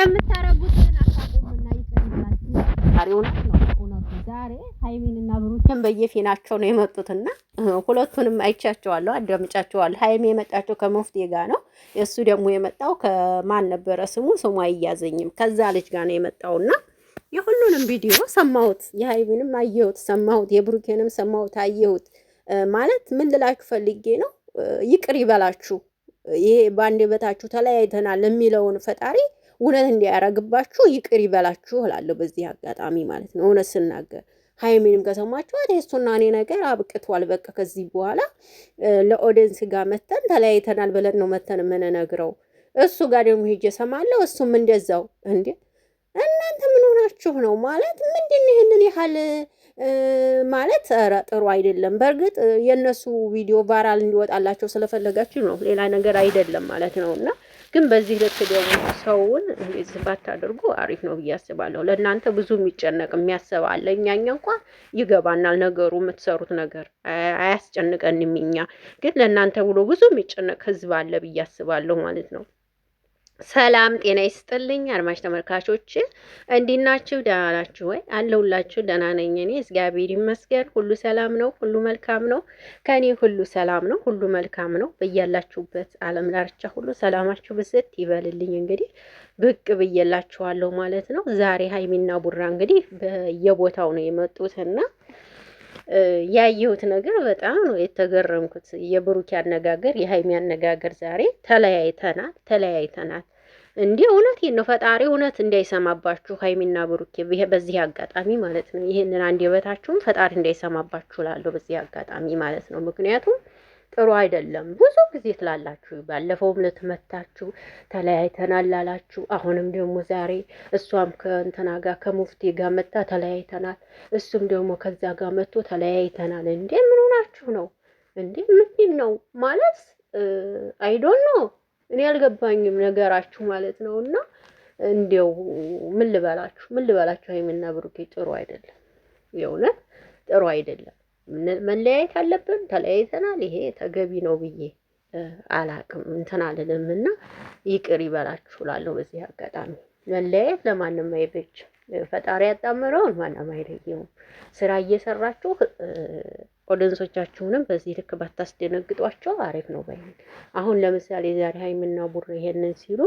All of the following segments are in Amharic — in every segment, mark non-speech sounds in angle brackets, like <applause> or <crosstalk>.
የምታረጉትን አታውቁምና ይቀርላችሁ። እውነት ነው እውነቱ። ዛሬ ሀይሜንና ብሩኬን በየፊናቸው ነው የመጡትና ሁለቱንም አይቻቸዋለሁ፣ አዳምጫቸዋለሁ። ሀይሚ የመጣቸው ከሙፍቲ ጋር ነው። እሱ ደግሞ የመጣው ከማን ነበረ ስሙ ስሙ አይያዘኝም፣ ከዛ ልጅ ጋር ነው የመጣውና የሁሉንም ቪዲዮ ሰማሁት። የሀይሚንም አየሁት፣ ሰማሁት። የብሩኬንም ሰማሁት፣ አየሁት። ማለት ምን ልላችሁ ፈልጌ ነው፣ ይቅር ይበላችሁ። ይሄ በአንድ በታችሁ ተለያይተናል የሚለውን ፈጣሪ እውነት እንዲያረግባችሁ ይቅር ይበላችሁ እላለሁ በዚህ አጋጣሚ ማለት ነው። እውነት ስናገር ሀይሚንም ከሰማችኋት የእሱና እኔ ነገር አብቅቷል። በቃ ከዚህ በኋላ ለኦዲየንስ ጋር መተን ተለያይተናል ብለን ነው መተን የምንነግረው። እሱ ጋር ደግሞ ሄጄ እሰማለሁ፣ እሱም እንደዛው። እንዴ እናንተ ምን ሆናችሁ ነው ማለት ምንድን ይህንን ያህል ማለት ኧረ ጥሩ አይደለም። በእርግጥ የእነሱ ቪዲዮ ቫይራል እንዲወጣላቸው ስለፈለጋችሁ ነው፣ ሌላ ነገር አይደለም ማለት ነው እና ግን በዚህ ልክ ደግሞ ሰውን ዝም ባታደርጉ አሪፍ ነው ብዬ አስባለሁ። ለእናንተ ብዙ የሚጨነቅ የሚያስብ አለ። እኛኛ እንኳ ይገባናል ነገሩ የምትሰሩት ነገር አያስጨንቀንም። እኛ ግን ለእናንተ ብሎ ብዙ የሚጨነቅ ህዝብ አለ ብዬ አስባለሁ ማለት ነው። ሰላም ጤና ይስጥልኝ አድማጭ ተመልካቾች፣ እንዴት ናችሁ? ደህና ናችሁ ወይ? አለሁላችሁ። ደህና ነኝ እኔ እግዚአብሔር ይመስገን። ሁሉ ሰላም ነው፣ ሁሉ መልካም ነው። ከኔ ሁሉ ሰላም ነው፣ ሁሉ መልካም ነው። በያላችሁበት ዓለም ዳርቻ ሁሉ ሰላማችሁ ብስት ይበልልኝ። እንግዲህ ብቅ ብዬላችኋለሁ ማለት ነው። ዛሬ ሀይሚና ቡራ እንግዲህ በየቦታው ነው የመጡትና ያየሁት ነገር በጣም ነው የተገረምኩት። የብሩኬ አነጋገር፣ የሀይሚ አነጋገር ዛሬ ተለያይተናል ተለያይተናል እንዲህ እውነት ነው። ፈጣሪ እውነት እንዳይሰማባችሁ ሀይሚና ብሩኬ በዚህ አጋጣሚ ማለት ነው። ይህንን የበታችሁም ፈጣሪ እንዳይሰማባችሁ ላለሁ በዚህ አጋጣሚ ማለት ነው። ምክንያቱም ጥሩ አይደለም። ብዙ ጊዜ ትላላችሁ። ባለፈውም ዕለት መታችሁ ተለያይተናል አላችሁ። አሁንም ደግሞ ዛሬ እሷም ከእንትና ጋር ከሙፍቲ ጋር መታ ተለያይተናል፣ እሱም ደግሞ ከዛ ጋር መጥቶ ተለያይተናል። እንዴ ምን ሆናችሁ ነው እንዴ? ምንድን ነው ማለት አይዶን ነው እኔ አልገባኝም ነገራችሁ ማለት ነው። እና እንዲው ምን ልበላችሁ ምን ልበላችሁ፣ ሃይሚና ብሩኬ ጥሩ አይደለም፣ የእውነት ጥሩ አይደለም። መለያየት አለብን ተለያይተናል፣ ይሄ ተገቢ ነው ብዬ አላቅም እንትን አልልም እና ይቅር ይበላችሁ እላለሁ። በዚህ አጋጣሚ መለያየት ለማንም አይበጅ። ፈጣሪ ያጣምረውን ማንም አይለየውም። ስራ እየሰራችሁ ኦደንሶቻችሁንም በዚህ ልክ ባታስደነግጧቸው አሪፍ ነው ባይ አሁን ለምሳሌ ዛሬ ሀይምና ቡር ይሄንን ሲሉ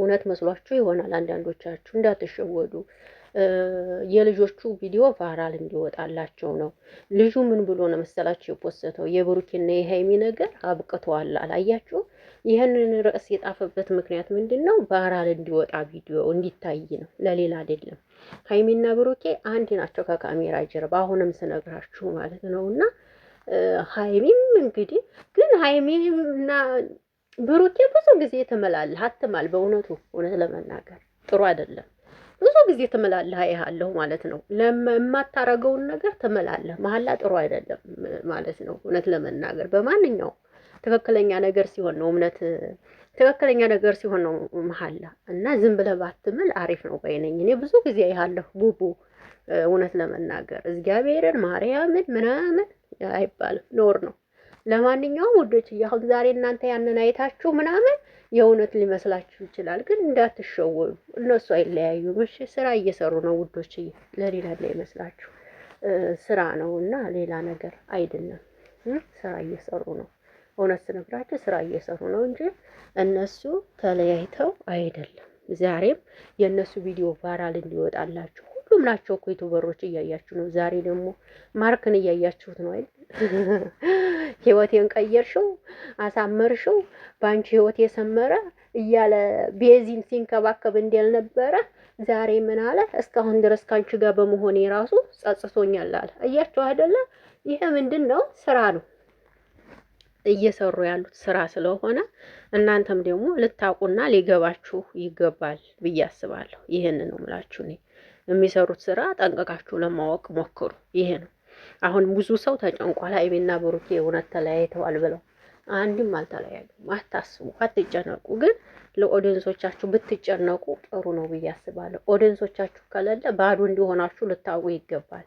እውነት መስሏችሁ ይሆናል አንዳንዶቻችሁ እንዳትሸወዱ። የልጆቹ ቪዲዮ ቫይራል እንዲወጣላቸው ነው። ልጁ ምን ብሎ ነው መሰላቸው የፖሰተው? የብሩኬና የሀይሚ ነገር አብቅተዋል። አላያችሁ? ይህንን ርዕስ የጣፈበት ምክንያት ምንድን ነው? ቫይራል እንዲወጣ ቪዲዮ እንዲታይ ነው፣ ለሌላ አይደለም። ሀይሚና ብሩኬ አንድ ናቸው ከካሜራ ጀርባ፣ አሁንም ስነግራችሁ ማለት ነው። እና ሀይሚም እንግዲህ ግን ሀይሚና ብሩኬ ብዙ ጊዜ ትመላለህ አትማል። በእውነቱ እውነት ለመናገር ጥሩ አይደለም። ብዙ ጊዜ ትምላለህ አያለሁ ማለት ነው። የማታረገውን ነገር ትምላለህ። መሀላ ጥሩ አይደለም ማለት ነው። እውነት ለመናገር በማንኛውም ትክክለኛ ነገር ሲሆን ነው እምነት ትክክለኛ ነገር ሲሆን ነው መሀላ እና ዝም ብለህ ባትምል አሪፍ ነው ባይነኝ። እኔ ብዙ ጊዜ ያለሁ ቡቡ እውነት ለመናገር እግዚአብሔርን ማርያምን ምናምን አይባልም፣ ኖር ነው። ለማንኛውም ውዶች አሁን ዛሬ እናንተ ያንን አይታችሁ ምናምን የእውነት ሊመስላችሁ ይችላል፣ ግን እንዳትሸወዱ። እነሱ አይለያዩም። እሺ፣ ስራ እየሰሩ ነው ውዶች። ለሌላ እንዳይመስላችሁ ስራ ነው እና ሌላ ነገር አይደለም። ስራ እየሰሩ ነው። እውነት ስነግራችሁ ስራ እየሰሩ ነው እንጂ እነሱ ተለያይተው አይደለም። ዛሬም የእነሱ ቪዲዮ ቫይራል እንዲወጣላችሁ ሁሉም ናቸው እኮ ዩቱበሮች እያያችሁ ነው። ዛሬ ደግሞ ማርክን እያያችሁት ነው አይደል? <laughs> ህይወቴን ቀየርሽው፣ አሳመርሽው፣ በአንቺ ህይወት የሰመረ እያለ ቤዚን ሲንከባከብ ነበረ። ዛሬ ምን አለ? እስካሁን ድረስ ከአንቺ ጋር በመሆኔ ራሱ ጸጽቶኛል አለ። እያቸው አይደለ? ይሄ ምንድን ነው? ስራ ነው እየሰሩ ያሉት ስራ ስለሆነ እናንተም ደግሞ ልታውቁና ሊገባችሁ ይገባል ብዬ አስባለሁ። ይህን ነው የምላችሁ እኔ የሚሰሩት ስራ ጠንቀቃችሁ ለማወቅ ሞክሩ። ይሄ ነው። አሁን ብዙ ሰው ተጨንቋል። ሀይሚና ብሩኬ እውነት ተለያይተዋል ብለው አንድም አልተለያዩም። አታስቡ፣ አትጨነቁ። ግን ለኦዲየንሶቻችሁ ብትጨነቁ ጥሩ ነው ብዬ አስባለሁ። ኦዲየንሶቻችሁ ከሌለ ባዶ እንዲሆናችሁ ልታውቁ ይገባል።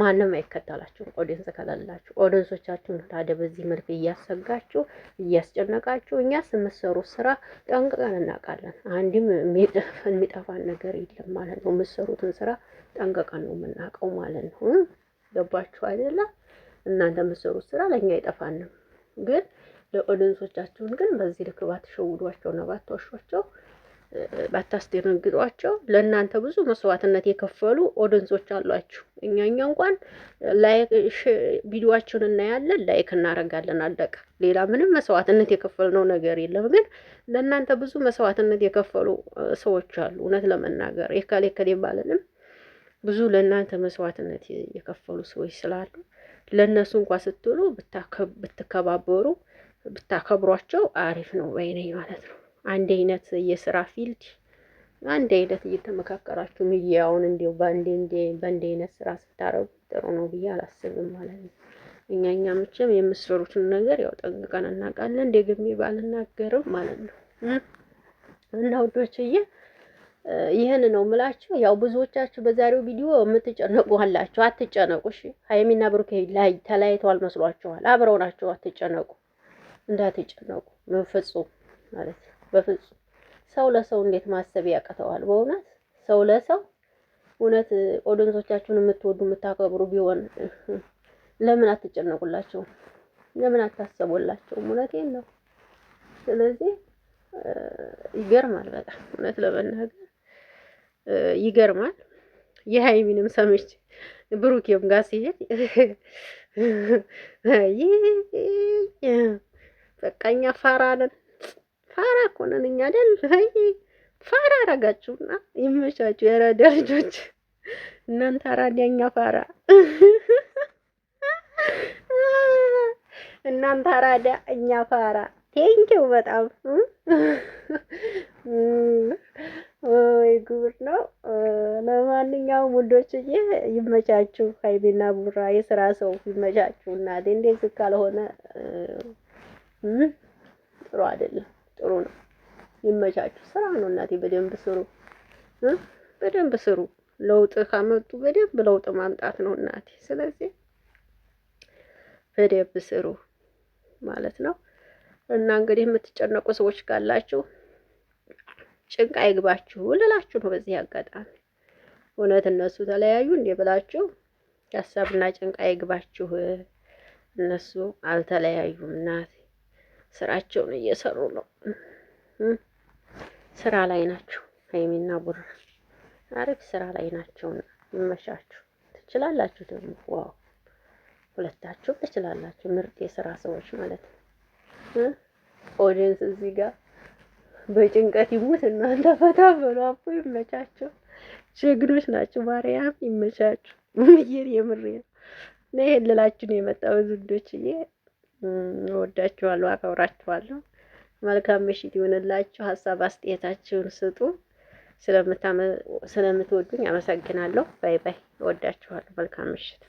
ማንም አይከተላችሁም ኦዲየንስ ከሌላችሁ። ኦዲየንሶቻችሁን ታዲያ በዚህ መልክ እያሰጋችሁ እያስጨነቃችሁ፣ እኛ ስምሰሩ ስራ ጠንቅቀን እናውቃለን። አንድም የሚጠፋን ነገር የለም ማለት ነው። የምትሰሩትን ስራ ጠንቅቀን ነው የምናውቀው ማለት ነው። ገባችሁ አይደለ? እናንተ የምትሰሩት ስራ ለእኛ አይጠፋንም፣ ግን ለኦዲንሶቻችሁን ግን በዚህ ልክ ባትሸውዷቸው እና ባትዋሿቸው፣ ባታስደነግጧቸው ለእናንተ ብዙ መስዋዕትነት የከፈሉ ኦዲንሶች አሏችሁ። እኛ እኛ እንኳን ላይክ ቪዲዮአችሁን እናያለን፣ ላይክ እናደርጋለን፣ አለቀ። ሌላ ምንም መስዋዕትነት የከፈልነው ነገር የለም። ግን ለእናንተ ብዙ መስዋዕትነት የከፈሉ ሰዎች አሉ። እውነት ለመናገር የካሌ ከሌ ባለንም ብዙ ለእናንተ መስዋዕትነት የከፈሉ ሰዎች ስላሉ ለእነሱ እንኳ ስትሉ ብትከባበሩ ብታከብሯቸው አሪፍ ነው በይነኝ ማለት ነው። አንድ አይነት የስራ ፊልድ አንድ አይነት እየተመካከራችሁ ሚዲያውን እንዲሁ በአንድ አይነት ስራ ስታረጉ ጥሩ ነው ብዬ አላስብም ማለት ነው። እኛ እኛ ምችም የምሰሩትን ነገር ያው ጠንቅቀን እናውቃለን። ደግሜ ባልናገርም ማለት ነው እና ውዶችዬ ይህን ነው ምላችሁ። ያው ብዙዎቻችሁ በዛሬው ቪዲዮ የምትጨነቁ አላችሁ። አትጨነቁ። እሺ ሀይሚና ብሩኬ ላይ ተለያይተዋል መስሏችኋል። አብረው ናቸው። አትጨነቁ፣ እንዳትጨነቁ ፍጹም ማለት ነው። በፍጹም ሰው ለሰው እንዴት ማሰብ ያቅተዋል? በእውነት ሰው ለሰው እውነት ኦዲየንሶቻችሁን የምትወዱ የምታከብሩ ቢሆን ለምን አትጨነቁላቸውም? ለምን አታሰቡላቸውም? እውነቴን ነው። ስለዚህ ይገርማል በጣም እውነት ለመናገር ይገርማል። የሀይሚንም ሰምች ብሩኬም ጋር ሲሄድ በቃ እኛ ፋራ ነን፣ ፋራ እኮ ነን እኛ አይደል? ፋራ አረጋችሁና ይመቻችሁ፣ የአራዳ ልጆች እናንተ አራዳ፣ እኛ ፋራ እናንተ አራዳ፣ እኛ ፋራ። ቴንኪው በጣም ወይ ጉድ ነው። ለማንኛውም ውዶችዬ ይመቻችሁ። ሀይቤና ቡራ የስራ ሰው ይመቻችሁ። እናቴ እንደዚህ ካልሆነ ጥሩ አይደለም። ጥሩ ነው፣ ይመቻችሁ። ስራ ነው እናቴ። በደንብ ስሩ፣ በደንብ ስሩ። ለውጥ ካመጡ በደንብ ለውጥ ማምጣት ነው እናቴ። ስለዚህ በደንብ ስሩ ማለት ነው እና እንግዲህ የምትጨነቁ ሰዎች ካላችሁ ጭንቅ አይግባችሁ ልላችሁ ነው በዚህ አጋጣሚ። እውነት እነሱ ተለያዩ እንዴ ብላችሁ ሀሳብና ጭንቅ አይግባችሁ። እነሱ አልተለያዩም። እናቴ ስራቸውን እየሰሩ ነው። ስራ ላይ ናቸው። ሀይሚና ቡራ አሪፍ ስራ ላይ ናቸው ይመሻችሁ። ትችላላችሁ ደግሞ ዋው፣ ሁለታችሁም ትችላላችሁ። ምርጥ የስራ ሰዎች ማለት ነው። ኦዲየንስ እዚህ ጋር በጭንቀት ይሙት። እናንተ ፈታ በሉ አፉ ይመቻቸው። ጀግኖች ናቸው። ማርያም ይመቻችሁ። ምየር የምሬ ነው እና ይሄን ልላችሁ ነው የመጣው ዝዶችዬ። እወዳችኋለሁ፣ አከብራችኋለሁ። መልካም ምሽት ይሆንላችሁ። ሀሳብ አስተያየታችሁን ስጡ። ስለምትወዱኝ አመሰግናለሁ። ባይ ባይ። እወዳችኋለሁ። መልካም ምሽት